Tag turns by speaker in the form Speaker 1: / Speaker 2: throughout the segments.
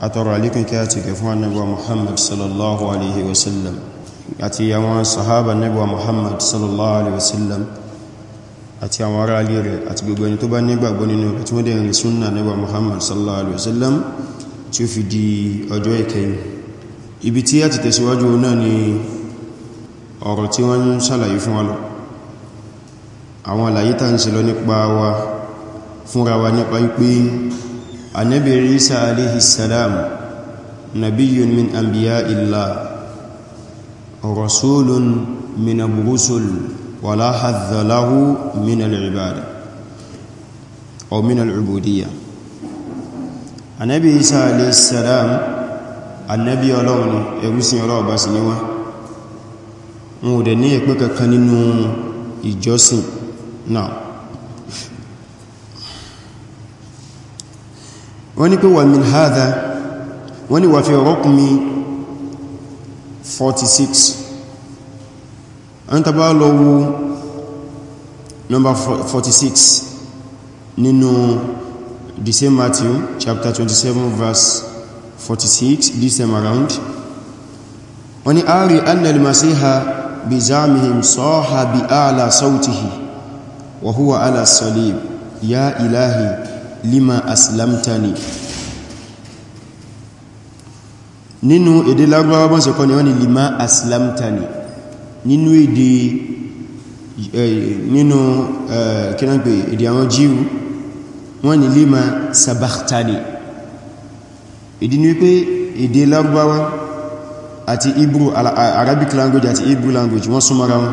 Speaker 1: atọrọ alikun kí a ti kẹfún annabuwa muhammad sallallahu alaihi wasallam àti àwọn sahaba annabuwa muhammad sallallahu alaihi wasallam àti àwọn ará alé rẹ̀ àti gbogbo ẹni tó bá nígbàgbọ́ nínú rẹ̀ tí wọ́n dẹ̀ rìn súnnà annabuwa muhammad sallallahu alaihi wasallam tí ó fi di ọjọ́ ìkẹyìn ibi tí a ti tẹ̀síwájú náà ni النبي عيسى عليه السلام نبي من أنبياء الله رسول من الرسل ولا حظ له من العبادة أو من العبودية النبي عيسى عليه السلام النبي الله يرسل الله بسنوه wọn ò dẹ̀ ní ẹ̀pẹ́ kankan nínú ìjọsìn náà wọ́n ní pé wà min hadha wọ́n ní wà fi rukmi 46 an tàbá lọ́wọ́ number 46 nínú the same Matthew chapter 27 verse 46 this time around wọ́n ní a rí annal masiha bi zamihim saha bi ala sautihi wa huwa ala salib ya ilahi lima aslamtani Ninu ede Lárúbáwá bọ́n ṣe kọ́ ni wọ́n ni lima aslamtani nínú èdè nínú kínágbé èdè àwọn jíu wọ́n ni lima sabakhtani ìdí ni wípé èdè Lárúbáwá àti Hebrew Arabic language ati ibru language wọ́n súnmọ́ra wọn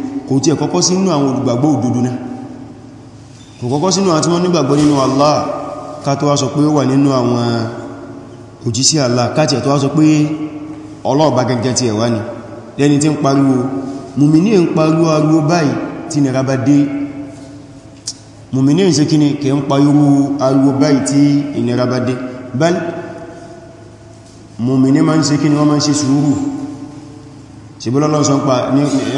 Speaker 1: kò tí ẹ̀kọ́kọ́ sínú àwọn olùgbàgbọ́ òdodo náà kò kọ́kọ́ sínú àti wọ́n nígbàgbọ́ nínú Allah ká tó wá sọ pé ó wà nínú àwọn òjíṣẹ́ Allah káàtì ẹ̀ tó wá sọ pé ọlọ́ọ̀bá gẹ́gẹ́ ti ẹ̀wá ni lẹ́ni tí ń pariwo mùmìnì ń pariwo ariwo báyìí tí ni kẹ́ ń pariwo ariwo báyìí tí bal mùmìnì ni wọ́n máa ń ṣe ṣìbọ́lọ́ lọ́n sọ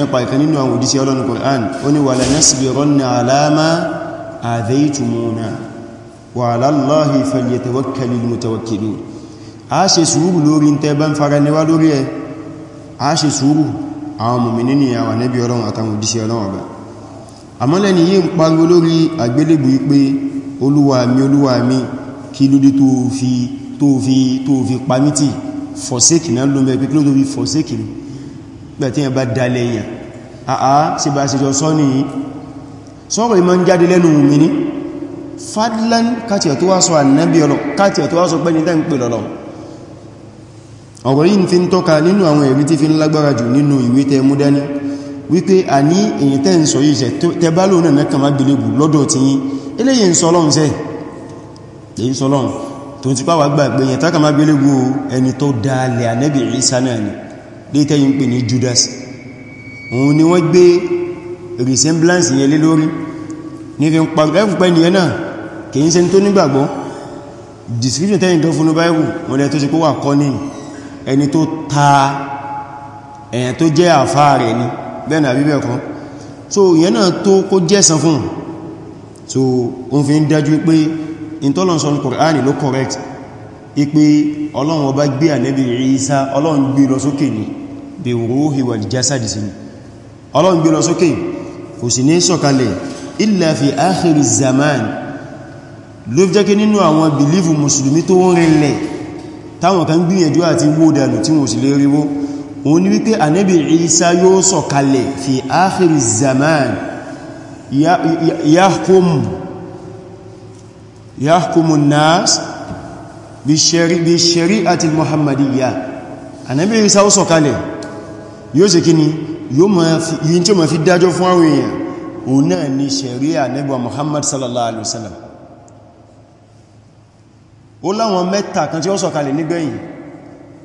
Speaker 1: nípa ìkan nínú àwọn òdísí ọlọ́nà Qur'an ó ní wala nasbiranna ala ma adhaytumuna wa ala Allahi falyatawakkalil mutawakkilun a ṣe sùúrù lórí tẹ́ bá ń fara níwá lórí ẹ a ṣe sùúrù àwọn mùmìnì ni àwọn nẹ́bí ọlọ́run àtàwọn òdísí ọlọ́run ọba àmọ́lẹ́ni yìí ń gbẹ̀tí ẹ̀ bá dalẹ̀ èèyàn àá sí bá sí jọ sọ ní sọ́rọ̀ ìmọ̀ ń jáde lẹ́nu mi ní fadlan káti ẹ̀ tó wá sọ ànábí ọlọ káti ẹ̀ tó wá sọ pẹ́ ní tẹ́ ń pè lọ́lọ ọ̀rọ̀ yìí fi ń tọ́ka nínú àwọn ẹ̀rí tí fi ń lágbára jù nínú ìwé tẹ mú dání wípé a ní èyí tẹ́ ń sọ yìí ṣẹ̀ tẹ bá lónà mẹ́kàn má gbìlébù ti pàwà gbà pé yẹn ẹni tó dáalẹ̀ ànẹ́bì Ìsá náà ni létẹ́ yìí ń pè ní Judas òun ni wọ́n gbé resemblance yẹn lé lórí ní fi ń pàgbẹ́fùpẹ́ ni ẹ̀nà kìí ṣe tó nígbàgbọ́ description tẹ́yìn gan fún báyìí wọ́n lẹ́ tó ṣe kó wà kọ́ ní ẹni tó ta ẹ̀yàn tó jẹ́ àfá rẹ̀ ni bẹ́ẹ̀nà àbíbẹ̀ so ìyẹn náà tó kó so o fi ń dájú Qur'ani ló correct ipe ọlọ́run ọba gbé ànẹ́bì Ìsá ọlọ́run gbé lọ sókè ni bí ruhi wal jasadi sí ọlọ́run gbé lọ sókè kò sì ní sọ̀kalẹ̀ illa fi akhiri zaman ló fi jẹ́ kí nínú àwọn bìlífù mùsùlùmí tó rinlẹ̀ táwọn kan gbìyànjú àti wó dànù tí wọ́n sì lè ríwó òun ni wípé ànábì Ìsá yóò sọ̀kalẹ̀ fi akhiri zaman yahkumu nas bi shari'ati muhammadiyya ànábì Ìsá ó sọ̀kalẹ̀ yóò ṣe kíni yìí tí ó ma fi dájọ́ fún àwọn èèyàn òun náà ni sharia nígbà Muhammad sallallahu alaihi wasallam ó láwọn mẹ́ta kan tí ó sọ̀kalẹ̀ nígbẹ̀yìn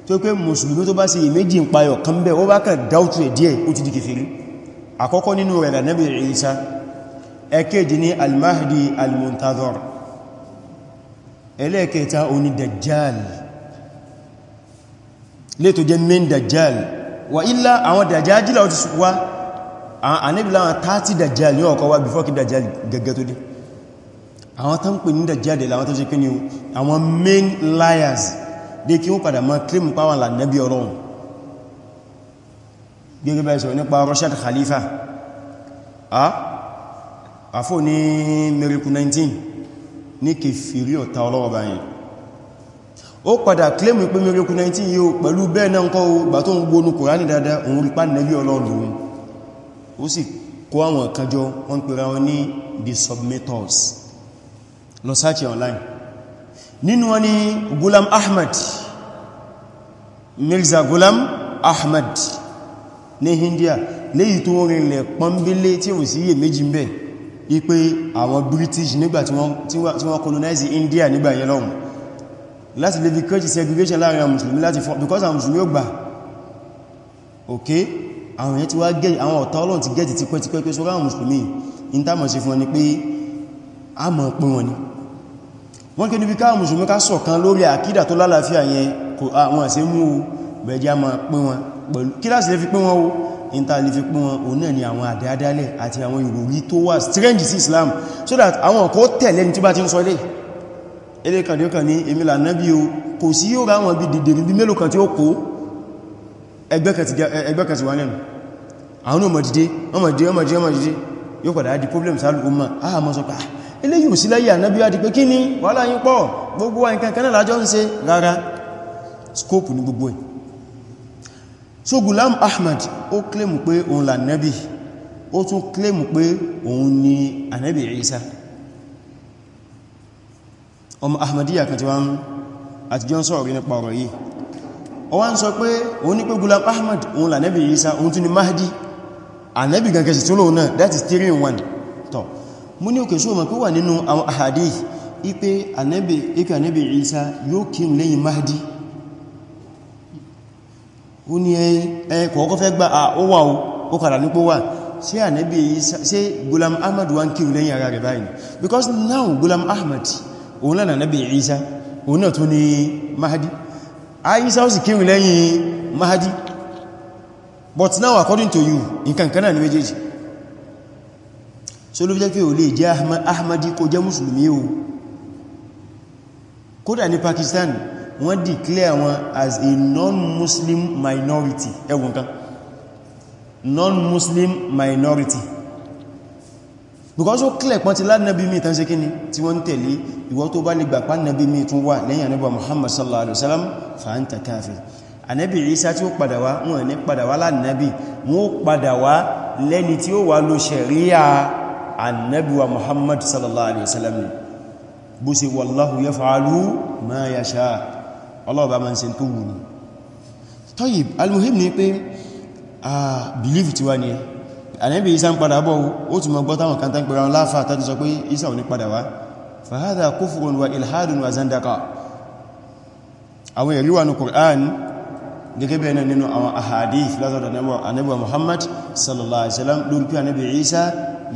Speaker 1: tó pé mùsùlùmí tó bá ṣe ìméjì ń payọ̀ kan bẹ́ ó bá kàn dáútù ẹ̀ díẹ̀ ó ti di kèfèrí àkọ́kọ́ nínú rẹ̀ da Nabi Isa ẹ̀kejì ni al-Mahdi al ẹlẹ́ẹ̀kẹta oní Dajjal lè jẹ́ main Dajjal wà ilá àwọn dàjájílà ó ti wá àníbìlá àwọn 30 dàjáàlì ọkọ̀ wa before kí dàjáàlì gẹ́gẹ́ tó dé àwọn tán pè ní dàjáàlì àwọn tó ṣe kí ni àwọn main liars de ki wọ́n padà mọ́ claim power là nẹ́bí ọlọ́run gẹ́gẹ́ bá ìsọ̀rọ̀ nípa Rashad Khalifa a àfò ni miracle 19 ní kèfèrí ọ̀tá ọlọ́wọ́ báyìí ó padà claim pé miracle 19 yíò pẹ̀lú bẹ́ẹ̀ náà kọ́ gbà tó ń gbónú kòránì dáadáa òun rí pánìlẹ́bí ọlọ́run ó sì kó àwọn kanjọ wọ́n pèrà wọn ní the submitters lọ sáàkì online nínú wọn ni Gulam Ahmad Mirza Gulam Ahmad ní India léyìí tó rinlẹ̀ pọ́nbílé tí ò sí iye méjì ń bẹ̀ wípé àwọn British nígbà tí wọ́n colonize India nígbà yẹn lọ́hùn láti lè fi kọ́jì segregation láàrin àwọn musulmi láti fọ́ because àwọn musulmi ó gbà ok àwọn èyàn ti wá gẹ́ àwọn ọ̀tá ọlọ́run ti gẹ́ẹ̀tì ti pẹ́ ti pẹ́ pé sọ́rọ̀ àwọn musulmi in tá mọ̀ sí fún wọn ni pé a mọ̀ pé wọn ni wọ́n kéde bí ká musulmi ká ṣọ̀kan lórí àkídà tó lálàáfíà yẹn kò àwọn àṣẹ mú o bẹ̀jẹ́ a mọ̀ pé wọn pẹ̀lú kí láti lè fi pé wọn o in ta lè fi pín wọn òun náà ni àwọn àdáadáalẹ̀ àti àwọn ìròrí tó wà strange sí Islam so that àwọn kò tẹ̀lé ní tí bá ti ń sọ léè ilé kan díọ́kan ní emila náàbí o kò sí yóò rá wọn bí dìdìrí bí mélòó kan tí ó kó ẹgbẹ́ kan ti wà lẹ́nu àwọn ọmọ dìde ọmọ dìde ọmọ dìde ọmọ dìde yóò padà di problem sáàlù ọmọ àmọ́ sọ pé ilé ah, yóò sí láyé ànábí wá di pé kí ni wàhálà yín pọ̀ gbogbo wa nǹkan kanáà lájọ́ ń ṣe rárá ọmọ ahmadiyya kan ti wá ń àtijọ́ ń sọ̀rọ̀ nípa ọ̀rọ̀ yìí ó wá ń sọ pé òun ní pé gulam ahmad òun lànẹ́bì isa òun tún ni mahdi ànẹ́bì gangan sì tún náà that is 3 in 1 tọ́ mú ní òkè só mọ̀ pé wà nínú àwọn ahadi ipe ànẹ́bì ipe ànẹ́bì isa yóò kírun lẹ́yìn mahdi ó ní ẹ kọ̀ọ̀kọ́ fẹ́ gba ó wà ó kàrà nípò wà ṣe ànẹ́bì isa ṣe gulam ahmad wá ń kírun lẹ́yìn ara rẹ̀ because now gulam ahmad òun lẹ́nà nábì Ìsá òun náà tó ní Mahadi Ìsá ó sì kírun lẹ́yìn Mahadi but now according to you nǹkan kan náà ni méjèèjì so ló fi jẹ́ kí o lè jẹ́ Ahmadi kó jẹ́ Mùsùlùmí o kódà ní Pakistan wọ́n declare wọn as a non-Muslim minority ẹwùn kan non-Muslim minority because ó clear pọ́n ti lánàbí mi tán ṣe kí ni tí wọ́n ń tẹ̀lé ìwọ́n tó bá lè gbà pánàbí mi tún wà lẹ́yìn ànábì Muhammad sallallahu alaihi wasallam fa anta kafir ànábì Ìsá tí ó padà wá wọn ní padà wá lánàbí wọn ó padà wá lẹ́ni tí ó wà lo ṣẹ̀ríà ànábì wa Muhammad sallallahu alaihi wasallam ni bó wallahu yaf'alu ma yasha ọlọ́ọ̀bá ma ń ṣe tó wù ní tọ́yìb ni pé ah believe tiwa ni ànábì isa ń padà bọ̀ ó tún mọ́ gbọ́ta wọn kan tán pẹ̀rọ láfà tàbí sọ pé isa ò ní padà wá fàhádà kúfùrùn wa ilhadun wa zandaka àwọn ẹ̀rí wà ní Qur'an gẹ́gẹ́ bẹ̀rẹ̀ nínú àwọn ahadith látọ̀dọ̀ ànábì Muhammad sallallahu alaihi wasallam lórí pé ànábì isa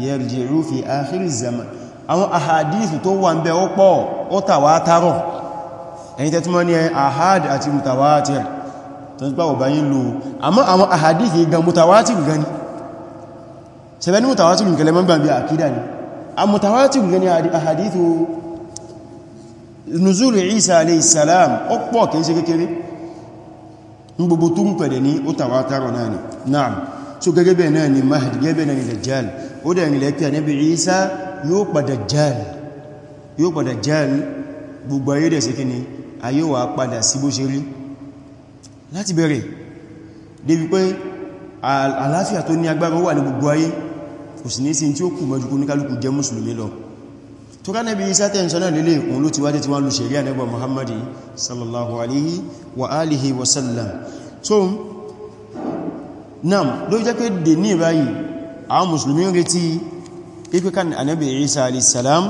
Speaker 1: yarji'u fi akhir zaman àwọn ahadith tó wà ń bẹ ó pọ̀ ó tàwátárọ̀ sẹ̀bẹ̀ ní mutawatir nǹkan lẹ́mọ́ gbàmí àkídà ni a mutawatir gani a hadithu nuzulu isa alayhi salam ó pọ̀ kìí ṣe kékeré ní gbogbo tó ń pẹ̀lẹ̀ ní ó tàwátàrọ̀ náà ni na'am so gẹ́gẹ́ bẹ́ẹ̀ náà ni mahdi gẹ́gẹ́ náà ni dajjal ó dẹ̀ rìnlẹ̀ pé ànábì isa yóò pa dajjal yóò pa dajjal gbogbo ayé dẹ̀ sí kíni ayé wà padà sí bó ṣe rí láti bẹ̀rẹ̀ débi pé àlàáfíà tó ní agbára wà ní gbogbo ayé kò sì ní sí tí ó kù mọ́jú kó ní kálùkù jẹ́ mùsùlùmí lọ tó ká nẹ́bí isa tẹ́ ìsọ́nà òun ló ti wájé tí wọ́n lù ṣẹ̀rí ànẹ́gbà muhammadi sallallahu alaihi wa alihi wa sallam so nam ló jẹ́ pé dè ní báyìí àwọn mùsùlùmí retí ipé kan ànẹ́bí isa alaihissalam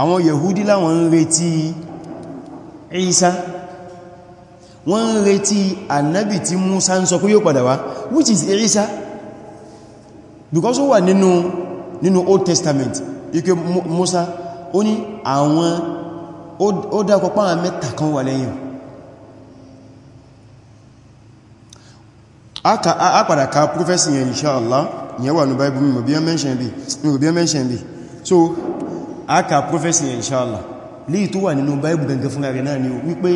Speaker 1: àwọn yahudi láwọn retí isa wọ́n retí ànábì tí musa ń sọ pé yóò padà wá which is isa because ó wà nínú nínú Old Testament ike Musa ó ní àwọn ó dákọ̀ páwọn mẹ́ta kan wà Aka a padà ka prophecy yẹn inṣáàlá ìyẹn wà ní Bible mímọ̀ mo i mention bí so aka ka prophecy yẹn inṣáàlá léyìí tó wà nínú Bible gẹ̀gẹ̀ fún ààrẹ náà ni wípé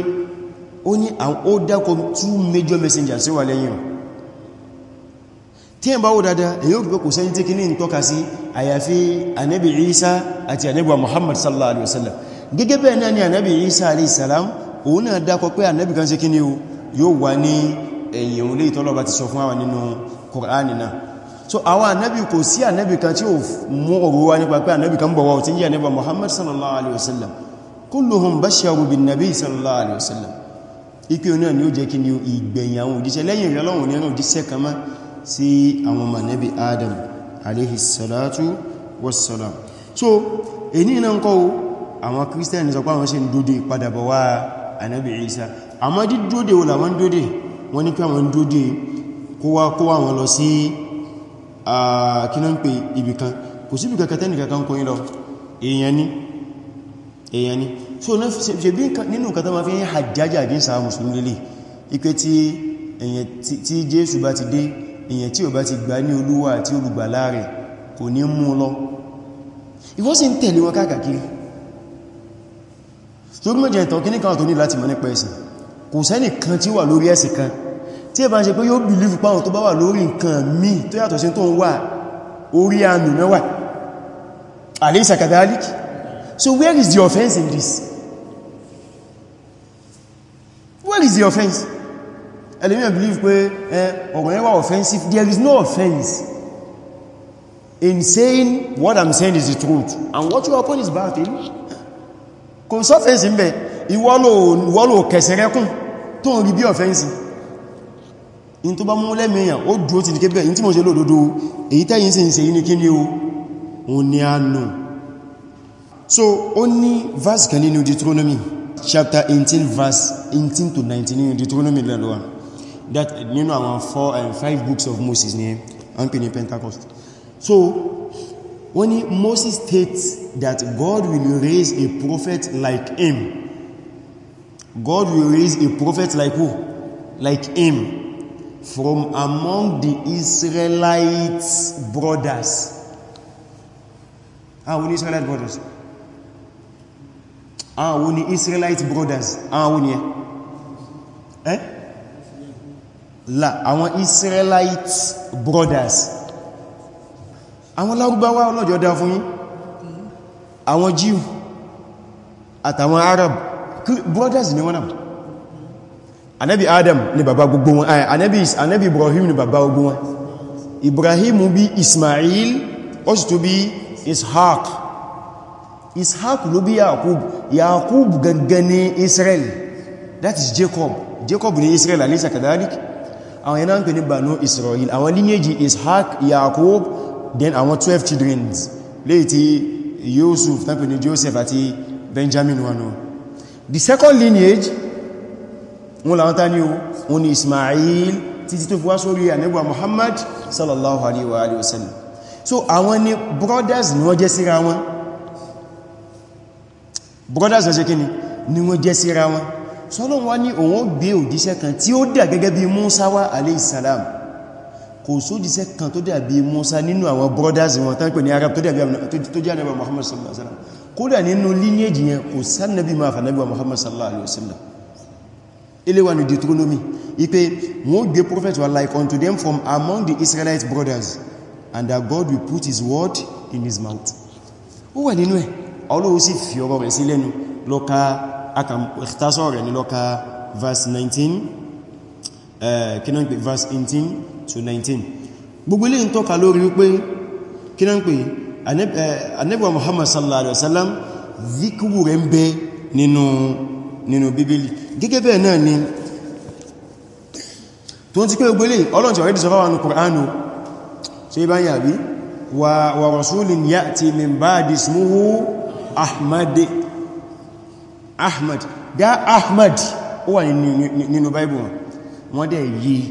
Speaker 1: ó ní àwọn ó dákọ̀ two major messengers wà lẹ́yìn tí ẹn bá wò dáadáa èyí ò pẹ́ kò sẹ́yìn tí kìíní tọ́ka sí àyàfi ànábì Isa àti ànábì Muhammad sallallahu alaihi wasallam gẹ́gẹ́ bẹ́ẹ̀ náà ni ànábì Isa alayhi salam òun náà dákọ pé ànábì kan sí kìíní o yóò ti sọ fún Muhammad sallallahu alaihi wasallam kulluhum basharu bin nabi sallallahu alaihi wasallam ipe onáà ni ó jẹ́ kí ni ìgbẹ̀yìn àwọn òjíṣẹ́ lẹ́yìn ìrẹ́lọ́wọ̀n ní ọ̀nà òjíṣẹ́ kan máa sí àwọn mọ̀nẹ́bí adam aléhìsàlátú wassalam so èní náà ń kọ́ àwọn kírísítẹ̀nì sọ pé àwọn ṣe ń dóde padàbọ̀ wá ànábì isa àmọ́ dídóde wọ́n làwọn dóde wọ́n ní pé àwọn dóde kówá wọn lọ sí kíná ń pè ibìkan kò sí ibìkan kẹtẹ́nì kankan kọ́ lọ èèyàn ni èèyàn ni so ṣe bí nínú nǹkan tó ma fi ń hajjájà gínsà musulmi lélẹ̀ ipé tí Jésù bá ti dé èyàn tí ò bá ti gbà ní olúwa àti olùgbà láàrẹ̀ kò ní mú lọ ìwọ sì ń tẹ̀lé wọn káàkiri tó rí mẹ́jẹ̀ ìtàn kíníkan tó ní láti mọ̀ nípa ẹ̀sìn kò sẹ́nì kan tí wà lórí ẹ̀sìn kan tí ẹ bá ń ṣe pé yóò bìlífù páwọn tó bá wà lórí nǹkan mí tó yàtọ̀ sí tó ń wà orí àmì mẹ́wàá alaysa kadhalik so where is the offense in this where is the offense ẹlẹ́mìí believe pé eh, ọ̀rọ̀ yẹn wà offensive there is no offense in saying what I'm saying is the truth and what you upon is batil eh? kò sọ offense ń bẹ̀ ìwọ́lò kẹsẹ̀rẹ́kùn tó ń rí bí offense in tó bá mú lẹ́mìíyàn ó dúró ti dìkébẹ̀ in tí mo ṣe lódodo èyí tẹ́yìn sí ń ṣe ní kíní o òun ni a nù so ó ní verse kan nínú Deuteronomy chapter 18 verse 18 to 19 nínú Deuteronomy lẹ́lọ́wàá that nínú àwọn four and eh, five books of Moses ní wọ́n ní Pentecost so when Moses states that God will raise a prophet like him God will raise a prophet like who? like him from among the Israelites brothers àwọn ah, Israelite brothers àwọn ah, Israelite brothers àwọn ah, ni eh? la àwọn Israelite brothers àwọn lárúbáwá ọlọ́jọ́ dá fún yín àwọn Jew àtàwọn Arab brothers ni wọ́n náà anabi Adam ni bàbá gbogbo wọn anabi anabi Ibrahim ni bàbá gbogbo wọn Ibrahim bí Ismail ó sì tó bí Ishaq ishaq ló bí yakub yakub gangan ní israel that is jacob jacob ní israel alisa kadalik àwọn ẹ̀nà ń pè ní Banu Israel àwọn lineage Ishaq Yaqub then àwọn 12 children léyìí tí Yusuf tán pè ní Joseph àti Benjamin wano the second lineage wọn làwọn tá ní wọn ni Ismail títí tó fi wá sórí ànẹ́gbà Muhammad sallallahu alaihi wa alihi wasallam so àwọn ni brothers ni wọ́n jẹ́ síra wọn brothers ni wọ́n jẹ́ síra wọn sọ́lọ́n wá ní òun gbé òjíṣẹ́ kan tí ó dà gẹ́gẹ́ bí Musa wá aleyhisalam kò sójíṣẹ́ kan tó dà bí Musa nínú àwọn brothers wọn tán pè ní Arab tó jẹ́ anábà Muhammad sallallahu alaihi wasallam kódà nínú lineage yẹn kò sánàbí ma fànàbí wa Muhammad sallallahu alaihi wasallam ilé wa ní Deuteronomy ipe wọ́n gbé prophet wa like unto them from among the Israelite brothers and that God will put his word in his mouth ó wà nínú ẹ̀ ọlọ́wọ́ sì fi ọ̀rọ̀ rẹ̀ sí lẹ́nu lọ́ka akam ikhtasar rẹ̀ nílọ́ka verse 19 kínan pè verse 18 to 19 gbogbo ilé ń tọ́ka lórí wípé kínan pè anẹ́bà Muhammad sallallahu alaihi wasallam zikiru rẹ̀ ń bẹ nínú nínú bíbélì gẹ́gẹ́ bẹ́ẹ̀ náà ni tó ń ti pé gbogbo ilé Ọlọ́run ti already sọ fáwọn ahmad dá ahmad ó wà nínú bible wọn wọ́n dẹ̀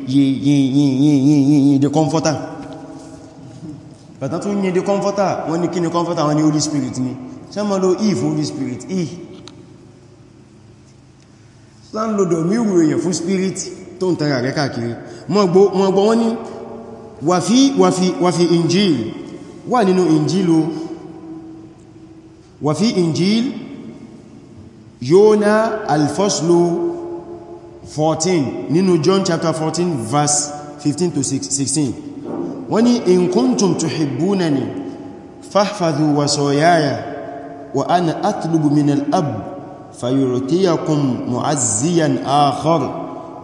Speaker 1: yìí the comforter bàtà tún yìí the comforter wọ́n ní kí ni comforter wọ́n ní holy spirit ni sẹ́mọ́ ló e fún holy spirit e sánlọ́dọ̀ míwò èèyàn fún spirit tó ń tara rẹ̀ káàkiri wọ́n gbọ́ wọ́n ní wàfí wàfí wàfí injil wà nínú injil wàfí injil Yona al-Faslu 14 nínú John chapter 14 verse 15 to 16 wọ́n ní in kuntum tuhibbunani fahfadhu wasayaya wa ana atlubu min al-ab fayu'tiyakum mu'azziyan akhar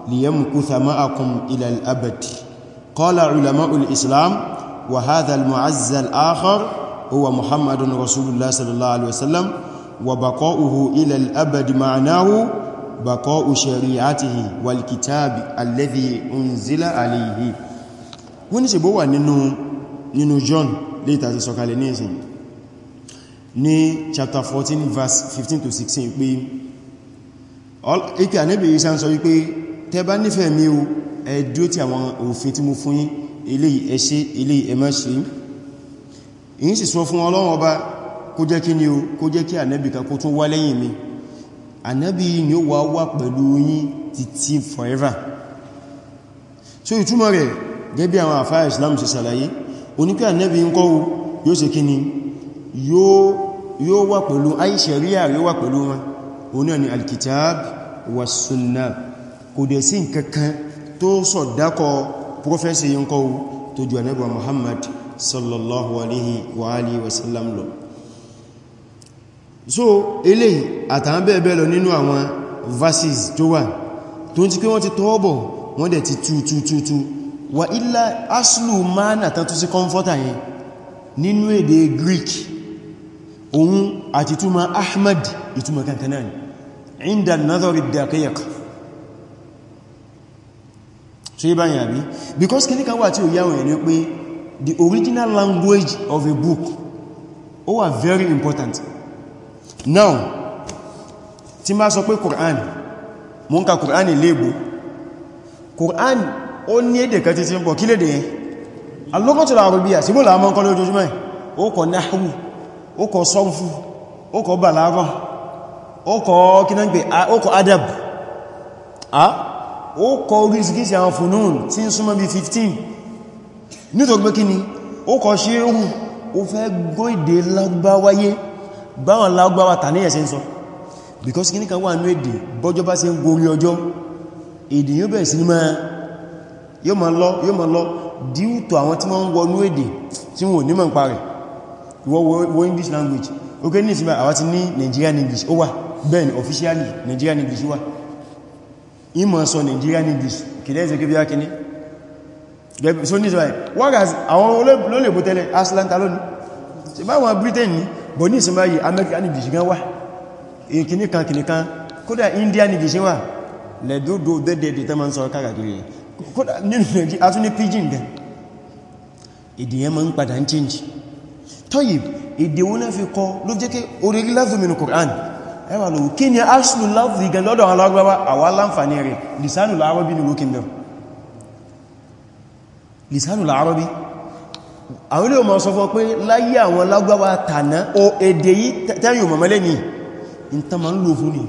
Speaker 1: liyamkutha ma'akum ila al-abad qala ulama'u al-islam wa hadha al-mu'azza al-akhar huwa muhammadun rasulullah sallallahu alaihi wasallam وبقاؤه إلى الأبد معناه بقاء شريعته والكتاب الذي أنزل عليه wọ́n ṣe bó wà nínú nínú John léta ti sọ̀kalẹ̀ ní ẹ̀sìn ní chapter 14 verse 15 to 16 pé ikẹ́ àníbì isa ń sọ wípé tẹ́ bá nífẹ̀ẹ́ mi o ẹ dúró ti àwọn òfin tí mo fún yín eléyìí ẹ ṣe eléyìí ẹ má sì sọ fún Ọlọ́run ọba kó jẹ́ kí ni o kó jẹ́ kí ànábì kan kó tún wá lẹ́yìn mi ànábì ni ó wà wà pẹ̀lú yín títí forever so ìtumọ̀ rẹ̀ gẹ́bí àwọn àfá Islam ṣe ṣàlàyé onípẹ́ ànábì ń kọ́ yóò ṣe kí ni yóò wà pẹ̀lú aìṣẹ̀ríà alkitab wa sunna kò dẹ̀ sí nkankan tó sọ̀dákọ̀ prọfẹ́sì Muhammad sallallahu alaihi wa alihi wasallam lọ so eléyìí àtàwọn bẹ́ẹ̀ bẹ́ẹ̀ lọ nínú àwọn verses tó wà tó ń ti pé wọ́n ti tọ́ọ̀bọ̀ wọ́n dẹ̀ ti tú tú tú tú wà ilá aslu mana tán tó sí comforter yẹn nínú èdè Greek òun àti túmọ̀ Ahmad ìtumọ̀ kankanáà ni inda nazari daqiq so yí báyìí àbí because kí ní kan wà tí ó yáwọn ẹni pé the original language of a book ó wà very important now tí ma sọ pé Qur'an mo ń ka Qur'an léèbò Qur'an ó ní èdè kan ti ti ń bọ̀ kí lédè yẹn alókọ̀tọ̀lá àrùbíyà sí mọ́lá mọ́ kọ́lé ojoojúmọ́ ó adab ó kọ orísìkísì àwọn fònún tí ń súnmọ́ bí 15 nítorí pé kí ni ó kọ ṣe ó fẹ́ gbọ́ èdè lágbàwáyé báwọn lágbàwà tà ní ẹ̀ṣẹ́ ń sọ because kí ní kan wà ní èdè bọ́jọ́ bá ṣe ń gorí ọjọ́ èdè yóò bẹ̀rẹ̀ sí ní máa yóò máa lọ yóò máa lọ díútọ̀ àwọn tí wọ́n ń wọnú èdè tí wọ́n ní mọ̀ ń parẹ̀ wọ English language ok ní ìsinmi àwọn ti ní Nigerian English ó wà bẹ́ẹ̀ ni officially Nigerian English wà ìmọ̀ sọ Nigerian English kìlẹ̀ ìsẹ́kẹ́ bí ákíní so ní ìsinmi wọ́n gà àwọn olóòlèbó tẹ́lẹ̀ aslanta lónìí ṣe báwọn Britain ní bọ̀ ní ìsinmi ayé Amẹ́ríkà ní gìṣì gan wá ìkìníkan kìníkan kódà India ní gìṣì wá lẹ́dọ́dọ́ dẹ́dẹ̀dẹ̀ tẹ́ ma ń sọ káàkiri kódà nínú Nàìjíríà a tún ní pidgin gan èdè yẹn ma ń padà ń Qur'an ẹwà lòwú kí ni asùlù láàzù gan lọ́dọ̀ àwọn alágbàwà àwọn aláǹfààní rẹ̀ lisanu lárọ́bí ni àwọn ilé ọmọ sọ fún pé láyé àwọn lágbàwà tàná o èdè yìí tẹ́yìn òmọ̀mọ́lé ní ìntà ma ń lò fún ní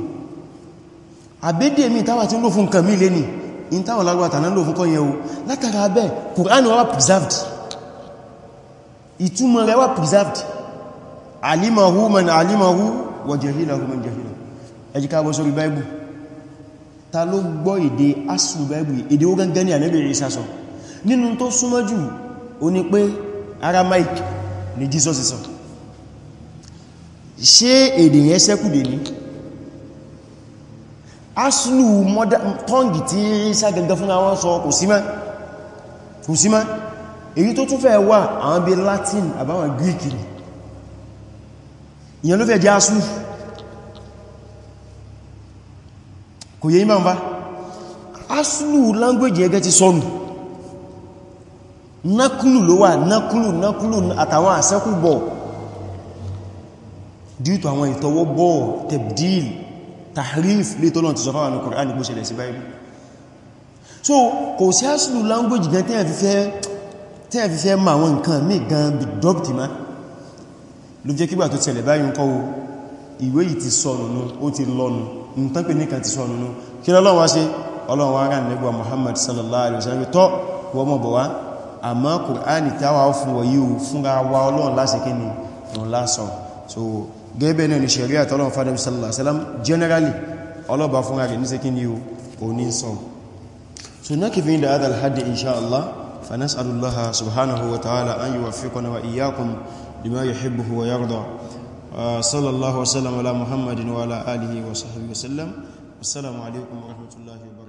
Speaker 1: àbédè mi táwà tí ń lò fún nǹkan mílé ní ìntà àwọn lágbàwà tàná lò fún kọ́yẹ̀ o látara abẹ́ Kùránì wà preserved ìtumọ̀ rẹ̀ wà preserved alimahu man alimahu wa jahilahu man jahilahu ẹjí káàbọ̀ sórí báìbù ta ló gbọ́ èdè asù báìbù èdè ó gangan ní ànẹ́bẹ̀rẹ̀ ìsásọ nínú tó súnmọ́ ó ní pé Aramaic ni Jesus sọ ṣé èdè yẹn sẹ́kùdè ní aslu tọ́ngì tí Ìsá gẹ́gẹ́ fún àwọn sọ kò sí mọ́ kò sí èyí tó tún fẹ́ wà àwọn bí Latin àbáwọn Greek ni ìyẹn ló fẹ́ jẹ́ aslu kò yẹ ìmọ̀ bá aslu language ẹgẹ́ ti sọnù nákúlù ló wà nákúlù nákúlù àtàwọn àṣẹ́kùbọ̀ due to àwọn ìtọwọ́ bọ́ tebdil tahrif lè tọ́lọ̀ ti sọfáwà ní Kùránì kó ṣẹlẹ̀ sí báyìí so kò sí àṣìlú language gan tẹ́yà fífẹ́ ma àwọn nǹkan mí gan bí dọ́pìtì má ló jẹ́ kígbà tó tẹ̀lẹ̀ báyìí kọ́ Muhammad sallallahu alaihi wasallam tọ́ wọ́n mọ̀ bọ̀ wá àmọ́ kùránì táwà fún wọ̀nyí o fúnra wa ọlọ́run láti kí ni òun lásán so gẹ́gẹ́ náà ni ṣẹ̀rí àtọ́lọ́run fadam sallallahu generally ọlọ́ba fúnra rẹ̀ níṣẹ́ kí ni o ní sàn so náà kìfí da adal hadi insha Allah fa nas'alullah subhanahu wa ta'ala an yuwaffiqana wa iyyakum lima yuhibbuhu wa yarda sallallahu alaihi wasallam ala muhammadin wa ala alihi